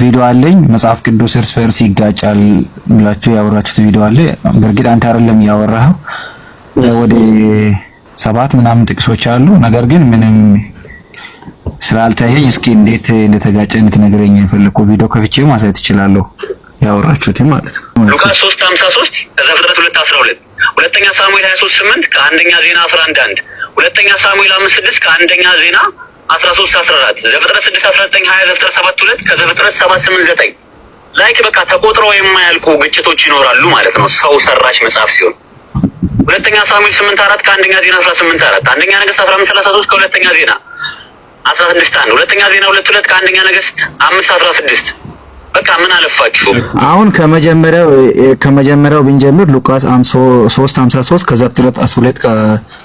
ቪዲዮ አለኝ መጽሐፍ ቅዱስ እርስ በርስ ይጋጫል ብላችሁ ያወራችሁት ቪዲዮ አለ። በእርግጥ አንተ አይደለም ያወራኸው፣ ወደ ሰባት ምናምን ጥቅሶች አሉ። ነገር ግን ምንም ስላልታየኝ እስኪ እንዴት እንደተጋጨ እንድትነግረኝ የፈለግኩት ቪዲዮ ከፍቼ ማሳየት እችላለሁ። ያወራችሁት ማለት ነው ሉቃስ 3:53 ዘፍጥረት 2:12 ሁለተኛ ሳሙኤል 23:8 ከአንደኛ ዜና 11:1 ሁለተኛ ሳሙኤል 5:6 ከአንደኛ ዜና አስራ ሶስት አስራ አራት ዘፍጥረት ስድስት አስራ ዘጠኝ ሀያ ዘፍጥረት ሰባት ሁለት ከዘፍጥረት ሰባት ስምንት ዘጠኝ ላይክ በቃ ተቆጥሮ የማያልቁ ግጭቶች ይኖራሉ ማለት ነው ሰው ሰራሽ መጽሐፍ ሲሆን ሁለተኛ ሳሙኤል ስምንት አራት ከአንደኛ ዜና አስራ ስምንት አራት አንደኛ ነገስት አስራ አምስት ሰላሳ ሶስት ከሁለተኛ ዜና አስራ ስድስት አንድ ሁለተኛ ዜና ሁለት ሁለት ከአንደኛ ነገስት አምስት አስራ ስድስት በቃ ምን አለፋችሁ አሁን ከመጀመሪያው ከመጀመሪያው ብንጀምር ሉቃስ 53 ከዘፍጥረት 12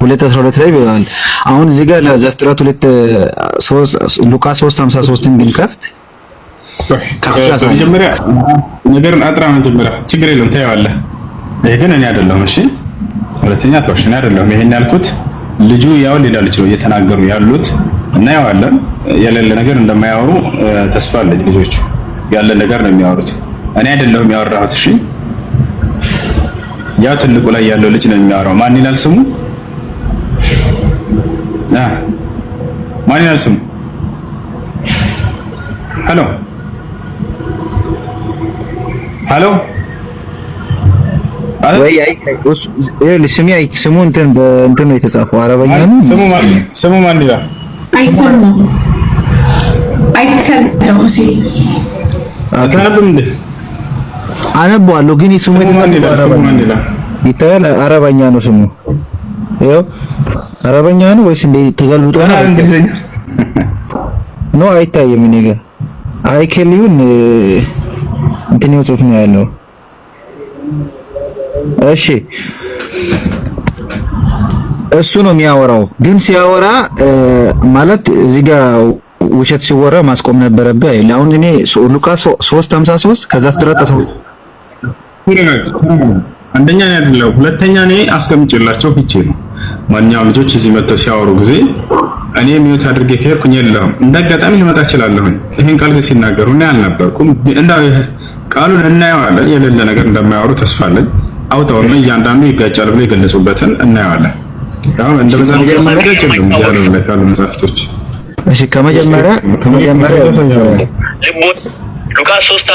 2:12 ላይ ይላል። አሁን እዚህ ጋር ለዘፍጥረት 2 3 ሉቃስ 3:53ን ብንከፍት ከመጀመሪያ ነገርን አጥራ መጀመሪያ ችግር የለም ታየዋለህ። ይሄ ግን እኔ አይደለሁም። እሺ ሁለተኛ ተወሽ እኔ አይደለሁም። ይሄን ያልኩት ልጁ ያው ሌላ ልጅ ነው እየተናገሩ ያሉት እና ያዋለን የሌለ ነገር እንደማያወሩ ተስፋ አለኝ ልጆቹ ያለ ነገር ነው የሚያወሩት። እኔ አይደለሁም ያወራሁት። እሺ ያ ትልቁ ላይ ያለው ልጅ ነው የሚያወራው። ማን ይላል ስሙ? አህ ማን ይላል ስሙ? ሄሎ ሄሎ ስሚ ስሙ እንትን በእንትን ነው የተጻፈው። አረበኛ ነው ስሙ። ማን ስሙ? ማን ይላል አይተን አይተን አታነብም እንዴ? ግን ስሙ ይታያል። አረበኛ ነው ስሙ። ይኸው አረበኛ ነው ወይስ እንዴ? ተገልብጦ ነው ነው። አይታየም። እኔ ጋር አይከሊውን እንትን ጽሑፍ ነው ያለው። እሺ እሱ ነው የሚያወራው። ግን ሲያወራ ማለት እዚህ ጋር ውሸት ሲወራ ማስቆም ነበረብህ። አይ አሁን እኔ ሉቃስ 3:53 ከዛ ከዘፍጥረት አንደኛ ነው ያለው። ሁለተኛ እኔ አስቀምጬላቸው ፍቺ ነው ማንኛውም ልጆች እዚህ መጥተው ሲያወሩ ጊዜ እኔ ሚዩት አድርጌ ከሄድኩኝ የለሁም እንዳጋጣሚ ልመጣ እችላለሁኝ። ይሄን ቃል ግን ሲናገሩ እኔ አልነበርኩም። እንዳው ቃሉን እናየዋለን። የሌለ ነገር እንደማያወሩ ተስፋ አለኝ። አውጣውና እያንዳንዱ ይጋጫል ብሎ የገለጹበትን እናየዋለን። አሁን እንደዛ ነገር ማድረግ ይችላል ያለው ለካሉ መጽሐፍቶች እሺ ከመጀመሪያ ከመጀመሪያ ሉቃስ 53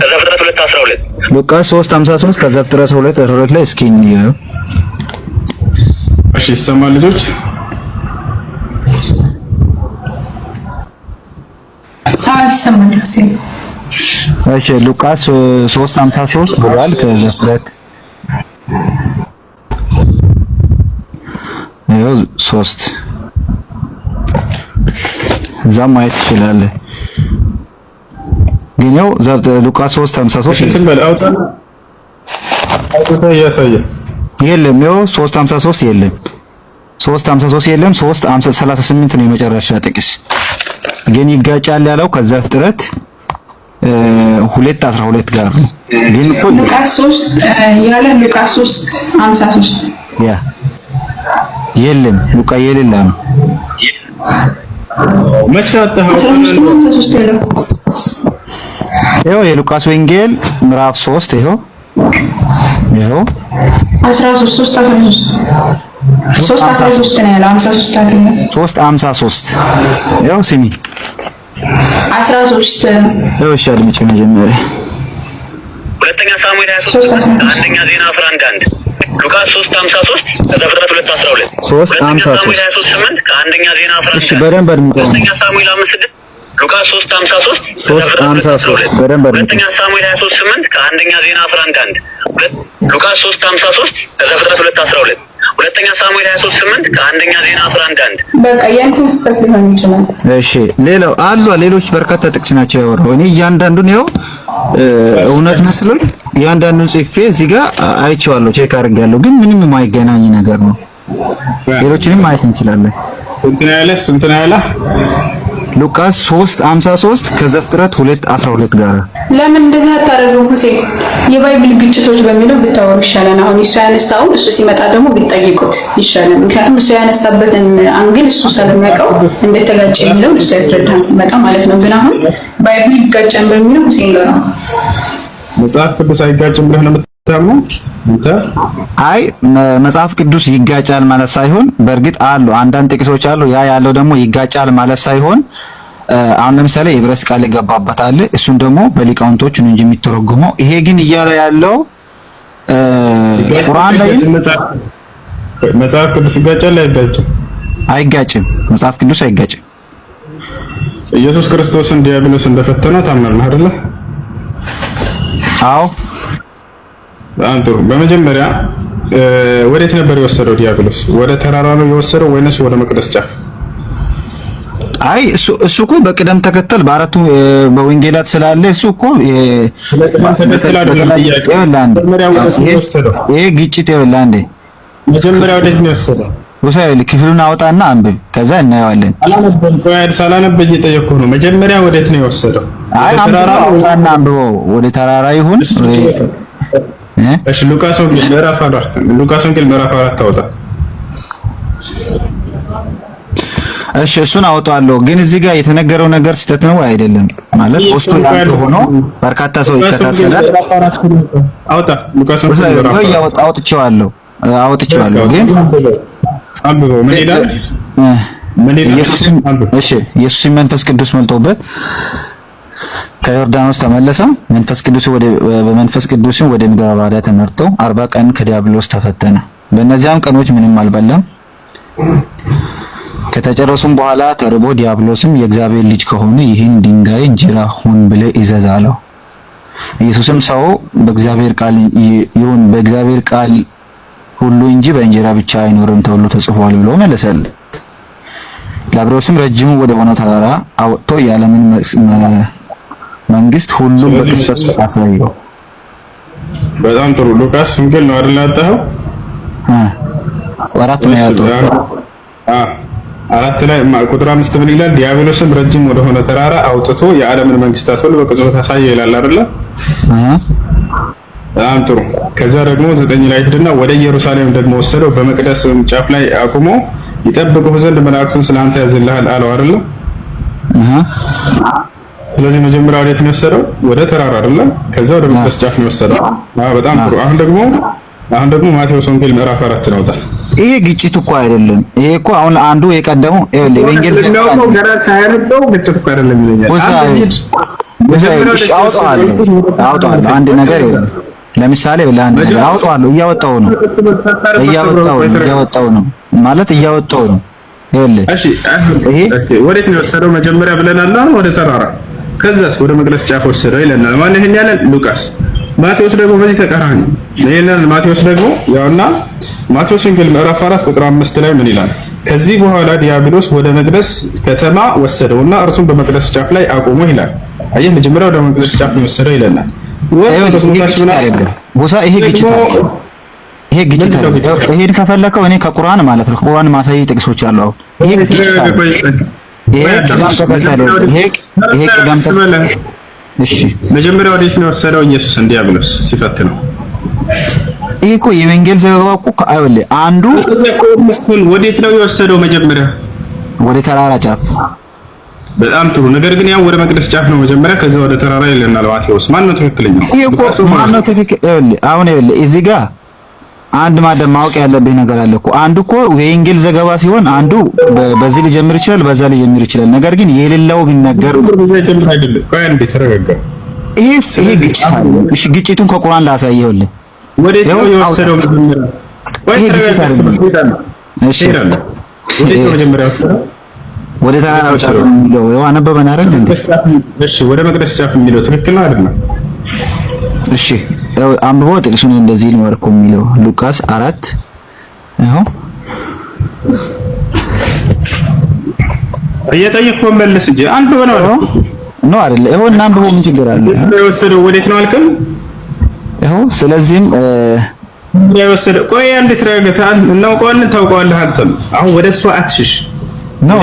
ከዛ ፍጥረት 12 ሉቃስ 53 ከዛ ፍጥረት 12 ላይ እስኪ እንየው። እሺ ይሰማል ልጆች? እሺ ሉቃስ 53 ብሏል ከዛ ፍጥረት ሶስት እዛ ማየት ይችላል። ግን ያው ሉቃስ 3 53 የለም፣ ያው 353 የለም፣ 353 የለም። 338 ነው የመጨረሻ ጥቅስ። ግን ይጋጫል ያለው ከዛ ፍጥረት ሁለት አስራ ጋር ነው። ግን እኮ ሉቃስ 3 ያለ ሉቃስ ሶስት ያ የለም ሉቃ የሌላ ነው መቼ አጣኸው? ይኸው የሉቃስ ወንጌል ምዕራፍ 3 ይኸው ይኸው 13 3 13 ሶስት አስራ ሶስት ያው ስሚ አስራ ሶስት ያው ይሻል መጀመሪያ ሁለተኛ ሳሙኤል ሀያ ሶስት አንደኛ ዜና አስራ አንድ አንድ ሶስት ሀምሳ ሶስት ከዛ ሁለት አስራ ሁለት ሶስት ሀምሳ ሶስት በደንብ ሁለተኛ ሳሙኤል ሀያ ሶስት ስምንት ከአንደኛ ዜና አስራ አንድ አንድ ሉቃስ ሶስት ሀምሳ ሶስት ሁለት አስራ ሁለት ሁለተኛ ሳሙኤል 23 ከአንደኛ ዜና 11 አንድ በቃ የእንትን ስህተት ሊሆን ይችላል። እሺ ሌላው አሉ ሌሎች በርካታ ጥቅስ ናቸው ያወራው እኔ እያንዳንዱን ይኸው እውነት መስሎኝ እያንዳንዱን ጽፌ እዚህ ጋር አይቼዋለሁ፣ ቼክ አድርጌያለሁ፣ ግን ምንም የማይገናኝ ነገር ነው። ሌሎችንም ማየት እንችላለን። እንትና ያለስ እንትና ያለ ሉቃስ 3 3:53 ከዘፍጥረት 12 ጋር ለምን እንደዛ አታደርጉም? ሁሴን የባይብል ግጭቶች በሚለው ብታወሩ ይሻለን። አሁን እሱ ያነሳውን እሱ ሲመጣ ደግሞ ቢጠይቁት ይሻላል። ምክንያቱም እሱ ያነሳበትን አንግል እሱ ስለሚያውቀው እንደተጋጨ የሚለውን እሱ ያስረዳን ሲመጣ ማለት ነው። ግን አሁን ባይብል ይጋጫን በሚለው ሁሴን ጋር ነው። መጽሐፍ ቅዱስ አይጋጭም ብለህ ነው አይ መጽሐፍ ቅዱስ ይጋጫል ማለት ሳይሆን በእርግጥ አሉ አንዳንድ ጥቂቶች አሉ። ያ ያለው ደግሞ ይጋጫል ማለት ሳይሆን አሁን ለምሳሌ የብረስ ቃል ይገባበታል። እሱን ደግሞ በሊቃውንቶች ነው እንጂ የሚተረጉመው። ይሄ ግን እያለ ያለው ቁርአን ላይ መጽሐፍ ቅዱስ ይጋጫል አይጋጭም? አይጋጭም። መጽሐፍ ቅዱስ አይጋጭም። ኢየሱስ ክርስቶስን ዲያብሎስ እንደፈተነው ታምናለህ አይደለ? አዎ በጣም ጥሩ። በመጀመሪያ ወዴት ነበር የወሰደው ዲያብሎስ? ወደ ተራራ ነው የወሰደው ወይንስ ወደ መቅደስ ጫፍ? አይ እሱ እሱ እኮ በቅደም ተከተል በአራቱ በወንጌላት ስላለ እሱ እኮ ይሄ ግጭት ይኸውልህ፣ አንዴ መጀመሪያ ወዴት ነው የወሰደው? ክፍሉን አውጣና አንብብ፣ ከዛ እናየዋለን። አላነበብም። ነው። መጀመሪያ ወዴት ነው የወሰደው? አይ አውጣና አንብበው። ወደ ተራራ ይሁን እሺ ሉቃስ ወንጌል ምዕራፍ አራት ሉቃስ ወንጌል ምዕራፍ አራት ታወጣ። እሺ እሱን አወጣለሁ፣ ግን እዚህ ጋር የተነገረው ነገር ስህተት ነው አይደለም ማለት ውስጡ ያለው ሆኖ በርካታ ሰው ይከታተላል። አውጣ ሉቃስ ወንጌል ምዕራፍ አራት አውጥቼዋለሁ፣ አውጥቼዋለሁ ግን አንብበው ምን ይላል? ኢየሱስም መንፈስ ቅዱስ መልቶበት ከዮርዳኖስ ተመለሰ። መንፈስ ቅዱስ ወደ በመንፈስ ቅዱስ ወደ ምድረ በዳ ተመርቶ አርባ ቀን ከዲያብሎስ ተፈተነ። በእነዚያም ቀኖች ምንም አልበላም። ከተጨረሱም በኋላ ተርቦ ዲያብሎስም የእግዚአብሔር ልጅ ከሆነ ይህን ድንጋይ እንጀራ ሁን ብለ እዘዝ አለው። ኢየሱስም ሰው በእግዚአብሔር ቃል ይሁን በእግዚአብሔር ቃል ሁሉ እንጂ በእንጀራ ብቻ አይኖርም ተብሎ ተጽፏል ብሎ መለሰል። ላብሮስም ረጅሙ ወደ ሆነው ተራራ አወጥቶ የዓለምን መንግስት ሁሉም በቅጽበት አሳየው። በጣም ጥሩ ሉቃስ ስንክል ነው አይደል? አጣው አራት ነው ያለው። አራት ላይ ቁጥር አምስት ምን ይላል? ዲያብሎስም ረጅም ወደ ሆነ ተራራ አውጥቶ የዓለምን መንግስታት ሁሉ በቅጽበት አሳየ ይላል አይደል? በጣም ጥሩ። ከዛ ደግሞ ዘጠኝ ላይ ሄደና ወደ ኢየሩሳሌም ደግሞ ወሰደው፣ በመቅደስ ጫፍ ላይ አቁሞ ይጠብቁህ ዘንድ መላእክቱን ስላንተ ያዝልሃል አለው አይደል? ስለዚህ መጀመሪያ ወዴት ነው የወሰደው? ወደ ተራራ አይደለም? ከዛ ወደ መቅደስ ጫፍ ነው የወሰደው። በጣም ጥሩ። አሁን ደግሞ አሁን ደግሞ ማቴዎስ ወንጌል ምዕራፍ አራት ነው። ይሄ ግጭት እኮ አይደለም። ይሄ እኮ አሁን አንዱ የቀደመው ወንጌል አውጣዋለሁ። አንድ ነገር ለምሳሌ ለአንድ ነገር አውጣዋለሁ። እያወጣው ነው እያወጣው ነው እያወጣው ነው ማለት እያወጣው ነው። ይሄ ወዴት ነው የወሰደው መጀመሪያ ብለናል። ወደ ተራራ ከዛስ ወደ መቅደስ ጫፎች ስለው ይለናል። ማን ይሄን ያለን? ሉቃስ። ማቴዎስ ደግሞ በዚህ ተቃራኒ ይሄንን። ማቴዎስ ደግሞ ያውና ማቴዎስ ወንጌል ምዕራፍ 4 ቁጥር 5 ላይ ምን ይላል? ከዚህ በኋላ ዲያብሎስ ወደ መቅደስ ከተማ ወሰደውና እርሱም በመቅደስ ጫፍ ላይ አቆሞ ይላል። አየህ መጀመሪያ ወደ መቅደስ ጫፍ ነው ወሰደው ይለናል። ይሄ ግጭት አለ። ይሄ ግጭት አይደለም። ይሄን ከፈለከው እኔ ከቁርአን ማለት ነው ቁርአን ማሳይ ጥቅሶች አሉ። አሁን ይሄ ግጭት አይደለም። ይሄ ይሄ መጀመሪያ ወዴት ነው የወሰደው? ኢየሱስ እንዲያብሉስ ሲፈት ነው። ይሄ እኮ የወንጌል ዘገባ እኮ አይወል አንዱ ወዴት ነው የወሰደው? መጀመሪያ ወደ ተራራ ጫፍ። በጣም ጥሩ ነገር ግን ያው ወደ መቅደስ ጫፍ ነው መጀመሪያ፣ ከዛ ወደ ተራራ ይለናል ማቴዎስ። ማን ነው ትክክለኛው? ይሄ እኮ ማን ነው አሁን ይኸውልህ እዚህ ጋር አንድ ማደም ማወቅ ያለብኝ ነገር አለ እኮ። አንዱ እኮ የወንጌል ዘገባ ሲሆን አንዱ በዚህ ሊጀምር ይችላል፣ በዛ ሊጀምር ይችላል። ነገር ግን የሌለው ቢነገር ይሄ ግጭቱን ከቁርአን ላሳይ ወደ ተራራው ጫፍ የሚለው ያው አነበበን አይደል? እሺ፣ ወደ መቅደስ ጫፍ የሚለው ትክክል አይደለም። እሺ አንብቦ ጥቅሱ ነው እንደዚህ ነው እኮ የሚለው ሉቃስ አራት ይኸው እየጠየቅኩህ መልስ እንጂ አንብቦ ነው ነው አይደለ? ይኸው እና አንብቦ ምን ችግር አለ? የወሰደው ወዴት ነው አልከም? ይኸው ስለዚህም የወሰደው ቆይ አንዴ ትረጋጋ። እናውቀዋለን፣ ታውቀዋለህ። አንተም አሁን ወደ እሷ አትሽሽ። ነው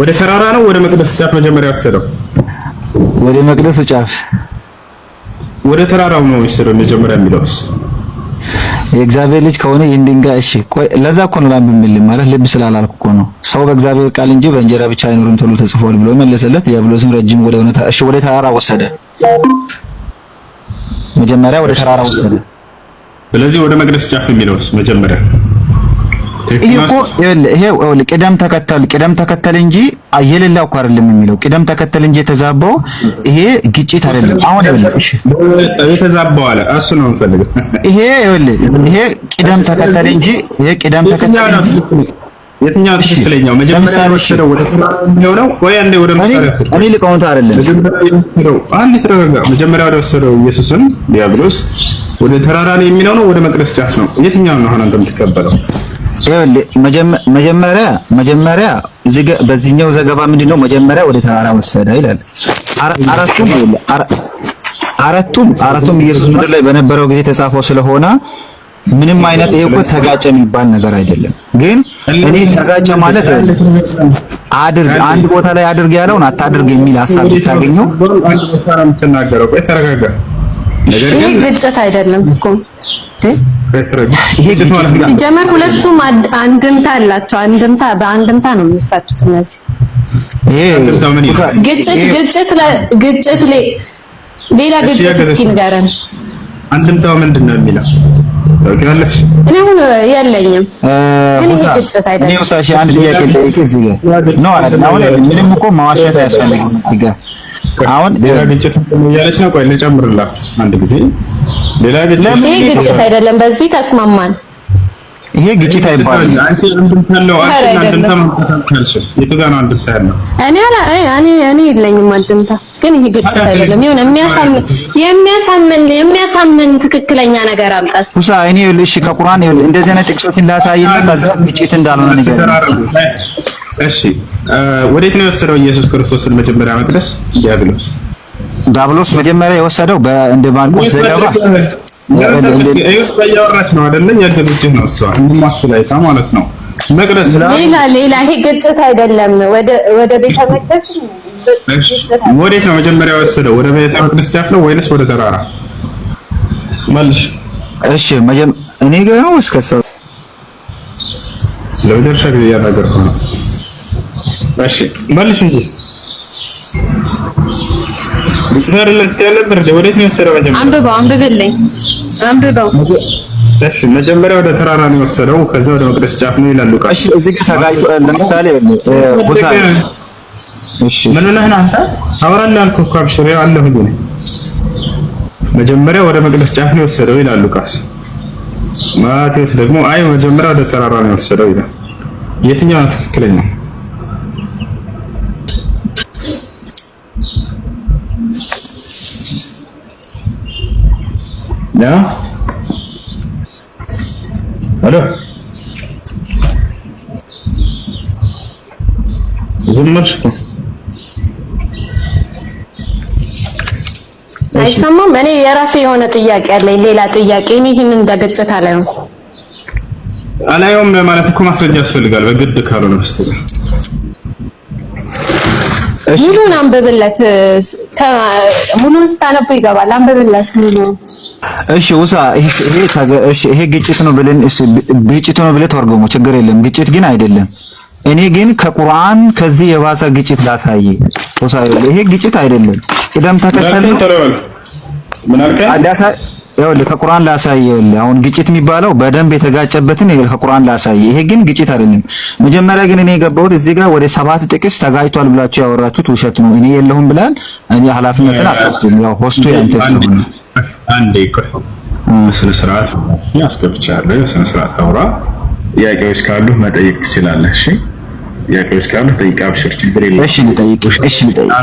ወደ ተራራ ነው ወደ መቅደስ ጫፍ መጀመሪያ ወሰደው ወደ መቅደስ ጫፍ ወደ ተራራው ነው ይስሩ መጀመሪያ የሚለውስ የእግዚአብሔር ልጅ ከሆነ ይህን ድንጋይ እሺ፣ ለዛ እኮ ነው ላምብ የሚል ማለት ልብ ስላላልኩ እኮ ነው። ሰው በእግዚአብሔር ቃል እንጂ በእንጀራ ብቻ አይኖርም ተብሎ ተጽፏል ብሎ መለሰለት። ዲያብሎስም ረጅም ወደ ሆነ እሺ፣ ወደ ተራራ ወሰደ። መጀመሪያ ወደ ተራራ ወሰደ። ስለዚህ ወደ መቅደስ ጫፍ የሚለውስ መጀመሪያ ቅደም ተከተል ቅደም ተከተል እንጂ የሌላ እኮ አይደለም የሚለው ቅደም ተከተል እንጂ የተዛባው ይሄ ግጭት አይደለም። አሁን ይኸውልህ አለ ነው የምፈልገው። ይሄ ይኸውልህ ይሄ እንጂ ይሄ የትኛው ትክክለኛው መጀመሪያ ወደ ነው ወይ አንዴ ወደ አይደለም አንዴ መጀመሪያ ወደ ወሰደው ኢየሱስን ዲያብሎስ ወደ ተራራ ነው የሚለው ነው ወደ መቅደስ ጫፍ ነው የትኛው ነው አሁን አንተ የምትቀበለው? መጀመሪያ መጀመሪያ እዚህ በዚህኛው ዘገባ ምንድን ነው መጀመሪያ ወደ ተራራ ወሰደ ይላል። አራቱም አራቱም አራቱም ኢየሱስ ምድር ላይ በነበረው ጊዜ ተጻፎ ስለሆነ ምንም አይነት ይሄ እኮ ተጋጨ የሚባል ነገር አይደለም። ግን እኔ ተጋጨ ማለት አድርግ አንድ ቦታ ላይ አድርግ ያለውን አታድርግ የሚል ሀሳብ ብታገኘው ይሄ ግጭት አይደለም እኮ ሲጀመር ሁለቱም አንድምታ አላቸው። አንድምታ በአንድምታ ነው የሚፈቱት እነዚህ ግጭት ግጭት ግጭት ሌላ ግጭት እስኪ ንገረን። አንድምታው ምንድን ነው የሚለው ታውቂዋለሽ? እኔ አሁን የለኝም። እኔ ግጭት አይደለም። እኔ ውሳሽ አንድ ጥያቄ ልጠይቅ እዚህ ጋር ነው። አሁን ምንም እኮ ማዋሸት አያስፈልግም እዚህ ጋር አሁን ሌላ ግጭት እያለች ነው። ቆይ ልጨምርላት አንድ ጊዜ ሌላ ግጭት። ግጭት አይደለም፣ በዚህ ተስማማን። ይሄ ግጭት አይባልም። አንቺ እንድምታ ያለው አንቺ እንድምታ ማከታተልሽ የትጋና እንድምታ እኔ አላ እኔ እኔ የለኝም እንድምታ ግን ይሄ ግጭት አይደለም። የሆነ የሚያሳምን የሚያሳምን የሚያሳምን ትክክለኛ ነገር አምጣስ ሙሳ። እኔ ልሽ ከቁርአን እንደዚህ አይነት ጥቅሶችን ላሳይና ከዛ ግጭት እንዳልሆነ ነገር እሺ፣ ወዴት ነው የወሰደው ኢየሱስ ክርስቶስን መጀመሪያ መቅደስ ዲያብሎስ ዲያብሎስ መጀመሪያ የወሰደው በእንደ ማርቆስ ዘገባ እዩስ በያወራች ነው አይደለም? ያገዘችህ ነው እሷ ማትላይታ ማለት ነው። መቅደስ ሌላ ሌላ ይሄ ግጭት አይደለም። ወደ ወደ ቤተ መቅደስ ወዴት ነው መጀመሪያ ወሰደው? ወደ ቤተ መቅደስ ጫፍ ነው ወይንስ ወደ ተራራ መልሽ? እሺ እኔ ጋር ነው እስከ ሰው ለመጨረሻ ጊዜ እያናገርኩ ነው። እሺ መልሽ እንጂ ግጭት አይደለም ስትይ ነበር። ወዴት ነው የወሰደው መጀመሪያ? አንብበው አንብብልኝ እሺ መጀመሪያ ወደ ተራራ ነው የወሰደው፣ ከዛ ወደ መቅደስ ጫፍ ነው ይላሉ። እሺ እዚህ ጋር ተጋጭቶ ለምሳሌ ቦታ እሺ ምን ነህ አንተ አወራለሁ አልኩህ እኮ አብሽር፣ ያው አለሁ መጀመሪያ ወደ መቅደስ ጫፍ ነው የወሰደው ይላል ሉቃስ። ማቴዎስ ደግሞ አይ መጀመሪያ ወደ ተራራ ነው የወሰደው ይላል። የትኛው ነው ትክክለኛው? ሄሎ ዝምርሽ እኮ አይሰማም። እኔ የራሴ የሆነ ጥያቄ አለኝ፣ ሌላ ጥያቄ። እኔ ይህንን እንደገጨት አላየውም አላየውም ማለት እኮ ማስረጃ ያስፈልጋል። በግድ ካልሆነ በስተቀር ሙሉን አንብብለት። ሙሉን ስታነቡ ይገባል። አንብብለት ሙሉን እሺ ውሳ ይሄ እሺ ይሄ ግጭት ነው ብለን ግጭት ነው ብለ ተወርገሙ ችግር የለም። ግጭት ግን አይደለም። እኔ ግን ከቁርአን ከዚህ የባሰ ግጭት ላሳይ። ውሳ ይሄ ግጭት አይደለም። ቅደም ተከተል ይኸውልህ ከቁርአን ላሳይ። ይኸውልህ አሁን ግጭት የሚባለው በደንብ የተጋጨበትን ይኸውልህ ከቁርአን ላሳይ። ይሄ ግን ግጭት አይደለም። መጀመሪያ ግን እኔ የገባሁት እዚህ ጋር ወደ ሰባት ጥቅስ ተጋጭቷል ብላችሁ ያወራችሁት ውሸት ነው። እኔ የለሁም ብላል እኔ ኃላፊነትን አታስደም። ያው ሆስቱ ያንተ ስለሆነ አንዴ ቆይ ስነ ስርዓት ያስገብቻለሁ። ስነ ስርዓት አውራ። ጥያቄዎች ካሉ መጠየቅ ትችላለህ። እሺ፣ ጥያቄዎች ካሉ ጠይቅ፣ አብሽር፣ ችግር የለም። እሺ፣ ልጠይቅ። እሺ፣ ልጠይቅ።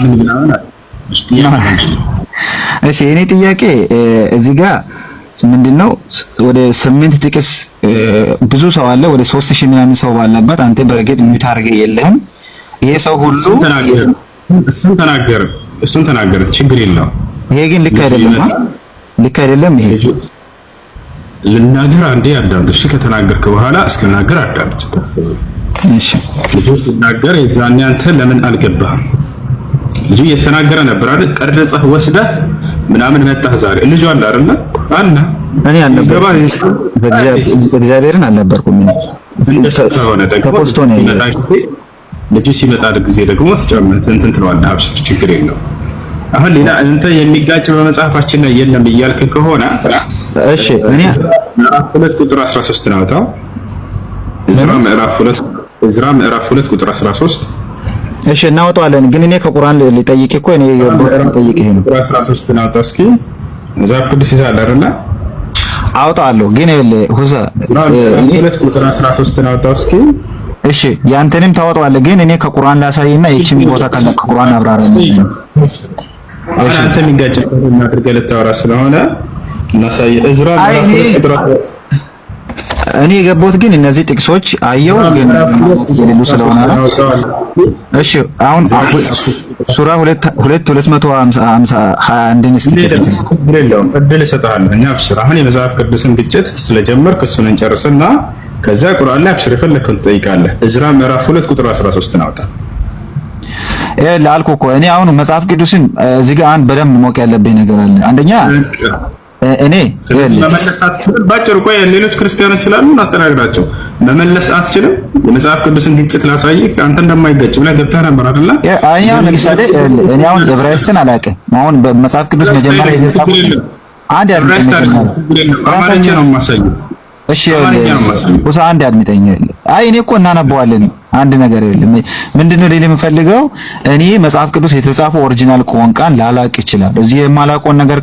እሺ፣ እኔ ጥያቄ እዚህ ጋር ምንድን ነው? ወደ ስምንት ጥቅስ ብዙ ሰው አለ፣ ወደ ሶስት ሺህ ምናምን ሰው ባለበት አንተ በእርግጥ ሚዩት አድርገህ የለህም። ይሄ ሰው ሁሉ እሱን ተናገረ፣ እሱን ተናገረ፣ ችግር የለውም። ይሄ ግን ልክ አይደለም። ልክ አይደለም ይሄ ልናገር አንዴ አዳምጥ። እሺ ከተናገርክ በኋላ እስክናገር አዳምጥ። እሺ ልጁ ሲናገር የዛኔ አንተ ለምን አልገባህም? ልጁ እየተናገረ ነበር አይደል? ቀርጸህ ወስደህ ምናምን መጣህ ዛሬ። ልጁ አለ አይደል? አለ እኔ አልነበርኩም፣ እግዚአብሔርን አልነበርኩም። ተፖስቶ ነው ልጁ ሲመጣ ጊዜ ደግሞ ትጨምር እንትን ትለዋለህ። አብሽር ችግር የለውም አሁን ሌላ እንትን የሚጋጭ በመጽሐፋችን ላይ የለም እያልክ ከሆነ እሺ፣ እኔ ምዕራፍ ሁለት ቁጥር 13 ነው ታው እዝራ ምዕራፍ 2 እዝራ ምዕራፍ 2 ቁጥር 13 እሺ፣ እናወጣዋለን። ግን እኔ ከቁርአን ሊጠይቅ እኮ እኔ የቁርአን ጠይቅ ይሄ ነው 13 ነው እስኪ መጽሐፍ ቅዱስ ይዛል አይደለ? አውጣለሁ። ግን ይሄ ሁዛ እኔ ሁለት ቁጥር 13 ነው እስኪ እሺ ያንተንም ታወጣዋለህ። ግን እኔ ከቁርአን ላሳይና ይቺን ቦታ ካለ ከቁርአን አብራራ ነው አንተ የሚጋጭ አድርገህ ልታወራ ስለሆነ እናሳይ። እዝራ እኔ የገባሁት ግን እነዚህ ጥቅሶች አየው ግን የሌሉ ስለሆነ እሺ። አሁን ሱራ 2 251 እስኪ ለለው እድል እሰጥሃለሁ። እኛ አብሽር፣ አሁን የመጽሐፍ ቅዱስን ግጭት እንጨርስና ከዛ ቁርአን ላይ አብሽር የፈለግከውን ትጠይቃለህ። እዝራ ምዕራፍ 2 ቁጥር 13 ናውጣ ላልኩ እኮ እኔ አሁን መጽሐፍ ቅዱስን እዚህ ጋር አንድ በደንብ ሞቅ ያለብኝ ነገር አለ። አንደኛ እኔ መመለስ አትችልም። ባጭሩ እኮ ሌሎች ክርስቲያኖች ስላሉ እናስተናግዳቸው። መመለስ አትችልም። የመጽሐፍ ቅዱስን ግጭት ላሳይህ አንተ እንደማይገጭ ብለህ ገብተህ ነበር አይደለ? አኛ ለምሳሌ እኔ አሁን ዕብራይስጥን አላውቅም። አሁን በመጽሐፍ ቅዱስ መጀመሪያ የመጣው አንድ አማርኛ ነው የማሳየው። እሺ፣ አንድ አድምጠኝ። አይ እኔ እኮ እናነበዋለን አንድ ነገር የለም። ምንድነው ሌላ የምፈልገው እኔ መጽሐፍ ቅዱስ የተጻፈው ኦሪጂናል ቃል ላላቅ ይችላል። እዚህ የማላውቀውን ነገር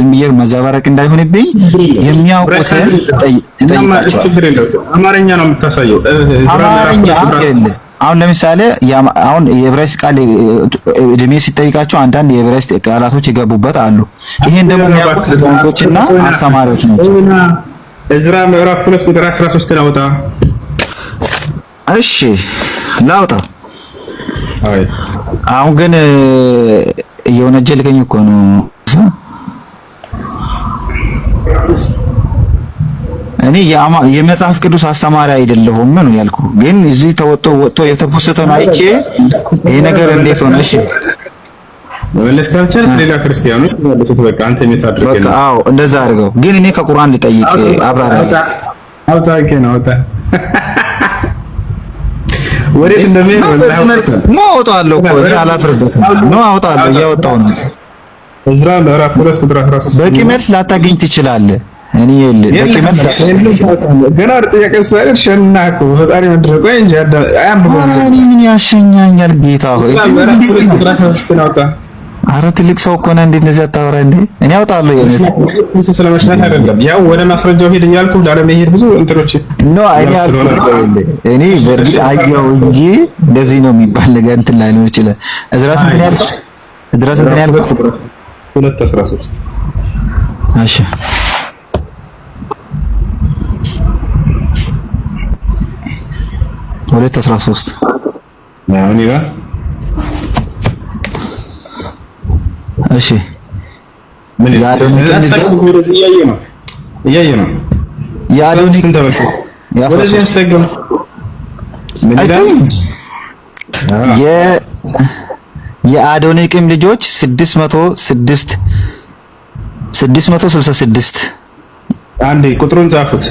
ዝም ብዬ መዘባረቅ እንዳይሆንብኝ የሚያውቁት እጠይቃቸዋለሁ። አማርኛ ነው የምታሳየው። አማርኛ አሁን ለምሳሌ አሁን የዕብራይስጥ ቃል እድሜ ሲጠይቃቸው አንዳንድ የዕብራይስጥ ቃላቶች ይገቡበት አሉ። ይሄን ደግሞ የሚያውቁት ሊቃውንቶችና አስተማሪዎች ናቸው። እዝራ ምዕራፍ 2 ቁጥር 13 ላውጣ እሺ ላውጣ። አይ አሁን ግን እየወነጀልከኝ እኮ ነው። እኔ የመጽሐፍ ቅዱስ አስተማሪ አይደለሁም ነው ያልኩ። ግን እዚህ ተወጥቶ ወጥቶ የተፖሰተውን አይቼ ይሄ ነገር እንዴት ሆነ? እሺ መመለስ ካልቻልክ ሌላ ክርስቲያኖች መልሱት። በቃ አንተ ሜት አድርገህ ነው። አዎ እንደዛ አድርገው። ግን እኔ ከቁርአን ልጠይቅ አብራራ። አውጣ አውጣ ነው አውጣ ወዴት እንደሚሄድ ነው አወጣዋለሁ እኮ እዝራ ምዕራፍ ሁለት ቁጥር 13 በቂ መልስ ላታገኝ ትችላለህ። እኔ በቂ መልስ ገና ጥያቄ ሳይል ሸናኩ ፈጣሪ መድረቆ እንጂ አያምሩ። እኔ ምን ያሸኛኛል ጌታ ሆይ አረ ትልቅ ሰው እኮ ነህ። እንዴ እንደዚህ አታወራ እንዴ? እኔ አውጣለሁ የኔ ስለመሽናት አይደለም። ያው ወደ ማስረጃው ሄድ እያልኩ ላለመሄድ ብዙ እንትኖች ኖ እኔ እኔ በእርግጥ አየው እንጂ እንደዚህ ነው የሚባል ነገር እንትን ላይ ሊሆን ይችላል። እዝራስ እንትን ያልኩት እዝራስ እንትን ያልኩት ሁለት አስራ ሶስት እሺ ሁለት አስራ ሶስት ሦስት እሺ ምን የአዶኒቅም ልጆች 606 666 አንዴ ቁጥሩን ጻፉት።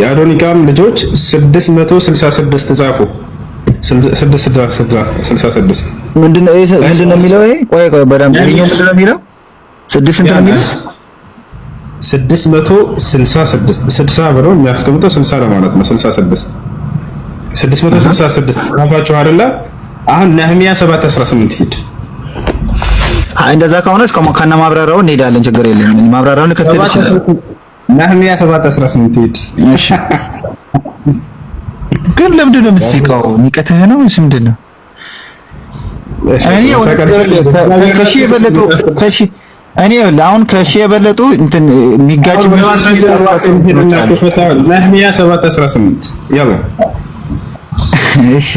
የአዶኒቃም ልጆች 666 ጻፉ። ምንድነው የሚለው? ይሄ ቆይ ቆይ በደምብ ይሄኛው ምንድነው የሚለው? ስድስት ስንት ነው የሚለው? ስድስት መቶ ስልሳ ስድስት ስልሳ ብሎ የሚያስቀምጠው ስልሳ ለማለት ነው። ስልሳ ስድስት ስድስት መቶ ስልሳ ስድስት ጻፋችሁ አይደለ? አሁን ነህሚያ ሰባት አስራ ስምንት ሂድ። እንደዛ ከሆነ ከነ ማብራሪያው እንሄዳለን። ችግር የለም። ማብራሪያውን ከተደረገ ነህሚያ ሰባት አስራ ስምንት ሂድ። እሺ ግን ለምንድን ነው የምትስቀው? ንቀትህ ነው ወይስ ምንድን ነው? እኔ አሁን ከሺ የበለጡ እንትን የሚጋጭ ነህምያ 718 ያው እሺ፣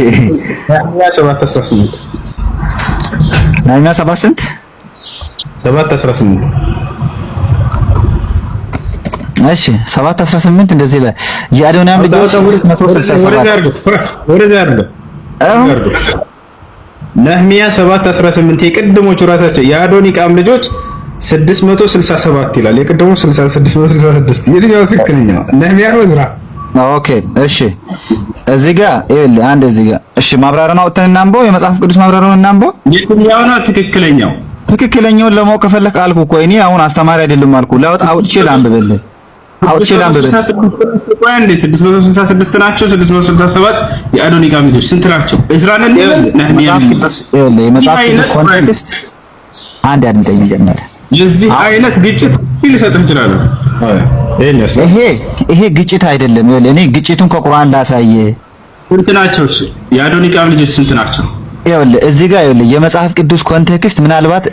እሺ 7 18 እንደዚህ ላይ የአዶንያም ልጆች 667 ነህሚያ 7 18 የቅድሞቹ ራሳቸው የአዶኒቃም ልጆች 667 ይላል። የቅድሞ 666 የትኛው ትክክለኛ ነህሚያ ነው ኦኬ እሺ፣ እዚህ ጋር ይኸውልህ አንድ እዚህ ጋር እሺ፣ ማብራሪያውን አውጥተን እናንበው። የመጽሐፍ ቅዱስ ማብራሪያውን እናንበው። የትኛው ነው ትክክለኛው? ትክክለኛውን ለማወቅ ከፈለክ አልኩ እኮ እኔ አሁን አስተማሪ አይደለም አልኩ። ለውጥ አውጥቼ ላንብብልህ 666 ናቸው። 667 የአዶኒቃም ልጆች ስንት ናቸው? እዝራን አንድ አድምጠኝ። ጀመረ የዚህ አይነት ግጭት ሊሰጥህ ይችላል። ይሄ ግጭት አይደለም። እኔ ግጭቱን ከቁርአን ላሳየ። ስንት ናቸው? የአዶኒቃም ልጆች ስንት ናቸው? ይኸውልህ እዚህ ጋር ይኸውልህ የመጽሐፍ ቅዱስ ኮንቴክስት ምናልባት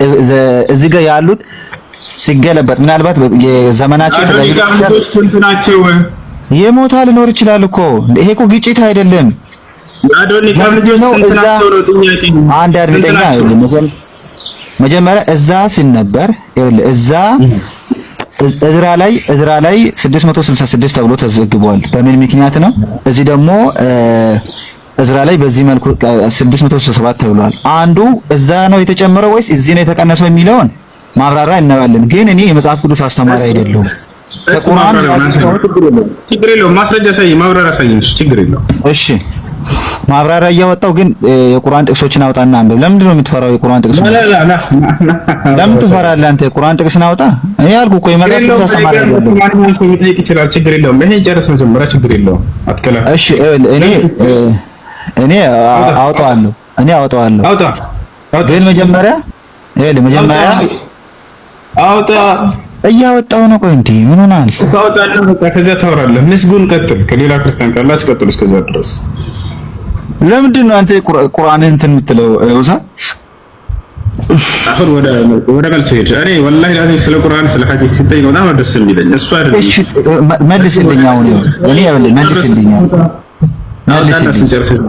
እዚህ ጋር ያሉት ሲገለበጥ ምናልባት የዘመናቸው የተለያዩ ናቸው። የሞታ ልኖር ይችላል እኮ ይሄ እኮ ግጭት አይደለም። አንድ አድምጠኛ መጀመሪያ እዛ ሲነበር እዛ እዝራ ላይ እዝራ ላይ 666 ተብሎ ተዘግቧል። በምን ምክንያት ነው? እዚህ ደግሞ እዝራ ላይ በዚህ መልኩ 667 ተብሏል። አንዱ እዛ ነው የተጨመረው ወይስ እዚህ ነው የተቀነሰው የሚለውን ማብራሪያ እናያለን። ግን እኔ የመጽሐፍ ቅዱስ አስተማሪ አይደለሁም። ከቁርአን ችግር የለውም። ማስረጃ ሳይ ማብራሪያ ሳይ ችግር የለውም። እሺ ማብራሪያ እያወጣው ግን የቁርአን ጥቅሶችን አውጣና አንብብ። ለምንድን ነው የምትፈራው? የቁርአን ጥቅስ ለምን ትፈራለህ አንተ? የቁርአን ጥቅስን አውጣ። እኔ አልኩ እኮ የመጽሐፍ ቅዱስ አስተማሪ ይችላል። ችግር የለውም። ጨርስ መጀመሪያ። ችግር የለውም። እሺ እኔ እኔ አውጣዋለሁ። እኔ አውጣዋለሁ። አውጣ ግን መጀመሪያ ይሄ መጀመሪያ አውጣ እያወጣው ነው። ቆይ እንዴ ምን ሆናል? ታወጣለህ። በቃ ከዚያ ታወራለህ። ምስጉን ቀጥል። ከሌላ ክርስቲያን ካላችሁ ቀጥሉ። እስከዛ ድረስ ለምንድን ነው አንተ ቁርአንህን እንትን የምትለው? ውሳ አሁን ወደ ወደ መልሱ ሄድ። እኔ ወላሂ ላዚም ስለ ቁርአን ስለ ሐዲስ ሲጠይቅ በጣም ደስ የሚለኝ እሱ አይደለም። እሺ መልስልኝ። አሁን እኔ መልስልኝ፣ መልስልኝ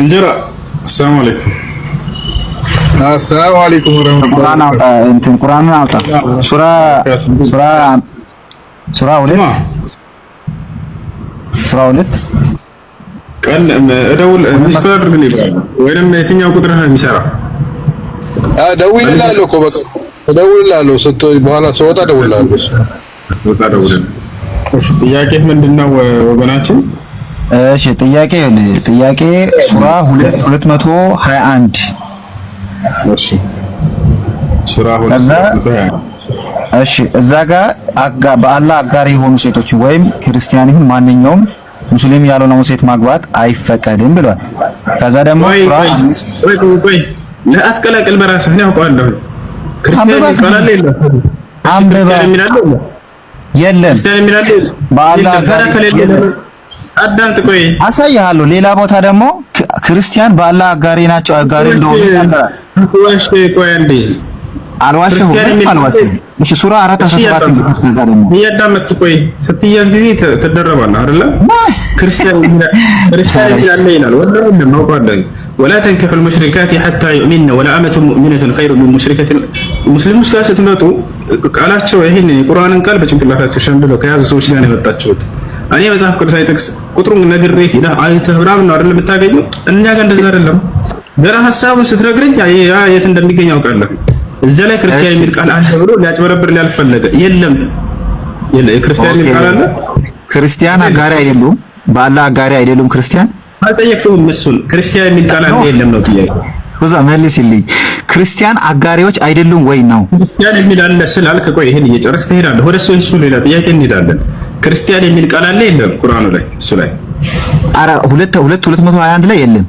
እንጀራ አሰላሙ አለይኩም አሰላሙ አለይኩም ቁርአን አውጣ እንትን ቁርአን አውጣ ሱራ ሱራ ሱራ ሁለት ሱራ ሁለት ቀን እደውል ሚስኮል አድርግልኝ ይላል ወይንም የትኛው ቁጥር ነው የሚሰራ እደውልልሃለሁ እኮ በቃ እደውልልሃለሁ ስትወይ በኋላ ስወጣ እደውልልሃለሁ ስወጣ እደውልልህ ጥያቄህ ምንድን ነው ወገናችን እሺ ጥያቄ ጥያቄ ሱራ 221 እሺ ሱራ 221 እሺ እዛ ጋር በአላህ አጋሪ የሆኑ ሴቶች ወይም ክርስቲያን ይሁን ማንኛውም ሙስሊም ያልሆነው ሴት ማግባት አይፈቀድም ብሏል። ከዛ ደግሞ ሱራ ለአትቀላቅል በራስህ ነው አውቀዋለሁ። ክርስቲያን ይባላል የለም አንብባ የለም ክርስቲያን የሚላል በአላህ አዳምጥ፣ ቆይ አሳይሃለሁ። ሌላ ቦታ ደግሞ ክርስቲያን በአላህ አጋሪ ናቸው አጋሪ እንደሆነ አልዋሸሁም፣ እሺ ሱራ 417 እያዳመጥክ ቆይ። ስትያዝ ጊዜ ትደረባለህ አይደለ? ክርስቲያን ሙስሊሞች ጋር ስትመጡ ቃላቸው የቁርአንን ቃል በጭንቅላታቸው ሸምድለው ከያዙ ሰዎች ጋር ነው የመጣችሁት እኔ መጽሐፍ ቅዱሳዊ ጥቅስ ቁጥሩን ነግሬ ሄዳ አይተህ ምናምን ነው አይደል ብታገኙ። እኛ ጋር እንደዛ አይደለም። ገና ሀሳቡን ስትነግረኝ ያ የት እንደሚገኝ አውቃለሁ። እዛ ላይ ክርስቲያን የሚል ቃል አለ ብሎ ሊያጭበረብር ሊያልፈለገ የለም። ክርስቲያን የሚል ቃል አለ። ክርስቲያን አጋሪ አይደሉም፣ ባላ አጋሪ አይደሉም። ክርስቲያን አልጠየቅኩም። እሱን ክርስቲያን የሚል ቃል አለ የለም ነው ጥያቄ ዛ መልስልኝ። ክርስቲያን አጋሪዎች አይደሉም ወይ ነው ክርስቲያን የሚል አለ ስላልክ፣ ቆይ ይሄን እየጨረስክ ትሄዳለህ። ወደ እሱ ሌላ ጥያቄ እንሄዳለን። ክርስቲያን የሚል ቃል አለ የለም? ቁርአኑ ላይ እሱ ላይ ኧረ ሁለት ሁለት ሁለት መቶ ሀያ አንድ ላይ የለም።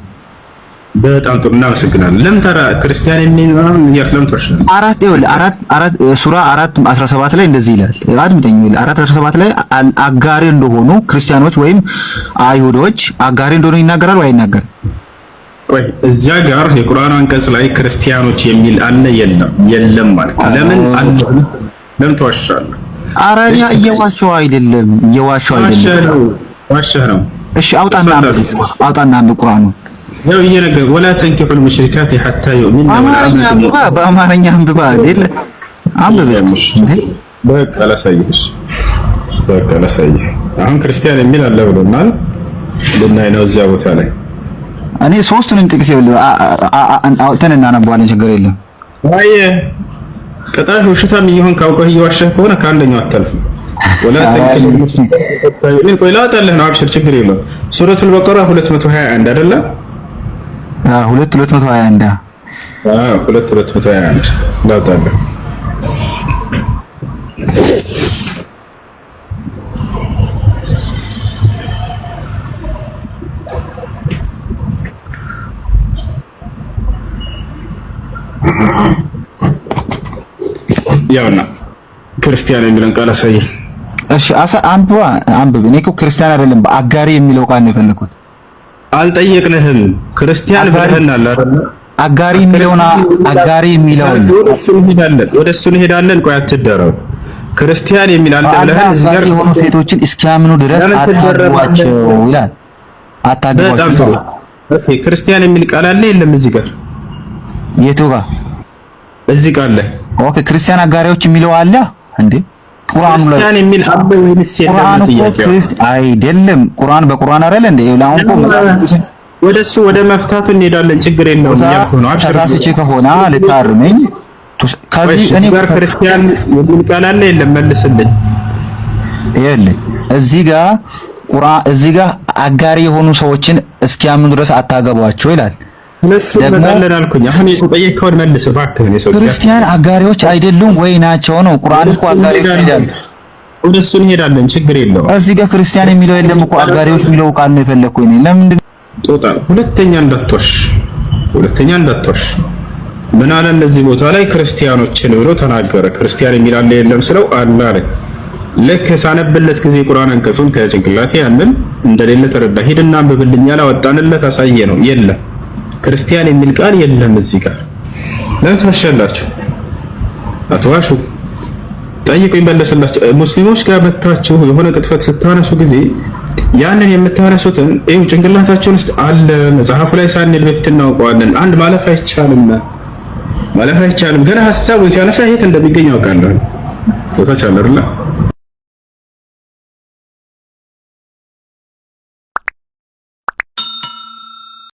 በጣም ጥሩ እናመሰግናለን። ለምን ታዲያ ክርስቲያን የሚል ለምን አራት ይኸውልህ አራት አራት ሱራ አራት 17 ላይ እንደዚህ ይላል። አድምጠኝ። አራት 17 ላይ አጋሪ እንደሆኑ ክርስቲያኖች ወይም አይሁዶች አጋሪ እንደሆኑ ይናገራል ወይ አይናገርም? ቆይ እዚያ ጋር የቁርአን አንቀጽ ላይ ክርስቲያኖች የሚል አለ የለም? የለም ማለት ለምን አለ ለምን ተዋሻለህ? አረ እኛ አይደለም፣ እየዋሸሁ አይደለም። ዋሸህ ነው። እሺ አውጣና አውጣና ቁርአኑ ያው ወላ ተንኪሑል ሙሽሪካት ሐታ ዩእሚን በአማርኛ አንብባ አንብብ በቃ በቃ አሁን ክርስቲያን የሚል አለ ብሎናል። ልናይ ነው እዚያ ቦታ ላይ እኔ ሶስቱንም ጥቅስ ይኸውልህ አውጥተን ችግር የለም። አየህ ቀጣይ ውሸታም እየሆን ካውቀህ እየዋሸህ ከሆነ ከአንደኛው አታልፍ። ወላ ተንከል ሙስሊም ቆይ ላውጣልህ ነው። አብሽር ችግር የለውም። ሱረቱል በቀራ 221 አይደለ? አዎ አዎ ላውጣልህ ያውና ክርስቲያን የሚለን ቃል አሳየኝ። እሺ አሳ አንብባ አንብብ። እኔ እኮ ክርስቲያን አይደለም በአጋሪ የሚለው ቃል ነው የፈለኩት። አልጠየቅንህም። ክርስቲያን ብለህናል አይደል? አጋሪ የሚለውና አጋሪ የሚለው ወደ እሱ እንሄዳለን። ቆይ አትደረው። ክርስቲያን የሚል አለ ብለህን እዚህ የሆኑ ሴቶችን እስኪያምኑ ድረስ አታግቧቸው ይላል። አታግቧቸው። ኦኬ ክርስቲያን የሚል ቃል አለ የለም? እዚህ ጋር የቱ ጋር? እዚህ ቃል ላይ ኦኬ ክርስቲያን አጋሪዎች የሚለው አለ እንዴ? ቁርአን ላይ ቁርአን እኮ ክርስት አይደለም። ቁርአን በቁርአን አይደል እንዴ? አሁን እኮ ወደሱ ወደ መፍታቱ እንሄዳለን። ችግር የለውም እያልኩ ነው። ተሳስቼ ከሆነ ልታርመኝ። ከዚህ እኔ ጋር ክርስቲያን የሚል ቃል አለ የለም? መልስልኝ። ይኸውልህ እዚህ ጋር ቁርአን እዚህ ጋር አጋሪ የሆኑ ሰዎችን እስኪያምኑ ድረስ አታገቧቸው ይላል። ክርስቲያን አጋሪዎች አይደሉም ወይ ናቸው? ነው ቁርአን እኮ አጋሪዎች ይላል። እነሱን እንሄዳለን፣ ችግር የለውም። እዚህ ጋር ክርስቲያን የሚለው የለም እኮ አጋሪዎች የሚለው ቃል ነው የፈለኩኝ እኔ። ለምንድን ጦጣ ሁለተኛ እንዳትወሽ፣ ሁለተኛ እንዳትወሽ። ምን አለ እነዚህ ቦታ ላይ ክርስቲያኖችን ብሎ ተናገረ። ክርስቲያን የሚል አለ የለም ስለው አለ አለኝ። ልክ ሳነብለት ጊዜ ቁርአን አንቀጹን ከጭንቅላቴ ያንን እንደሌለ ተረዳ። ሂድና አንብብልኝ አለ። አሳየ ነው የለም ክርስቲያን የሚል ቃል የለም እዚህ ጋር ለምን ትመሻላችሁ? አትዋሹ። ጠይቁ ይመለስላችሁ። ሙስሊሞች ጋር መታችሁ የሆነ ቅጥፈት ስታነሱ ጊዜ ያንን የምታነሱትን ይኸው ጭንቅላታቸውን ውስጥ አለ። መጽሐፉ ላይ ሳንል በፊት እናውቀዋለን። አንድ ማለፍ አይቻልም፣ ማለፍ አይቻልም። ገና ሀሳቡን ሲያነሳ የት እንደሚገኝ አውቃለሁ። ቶታች አለ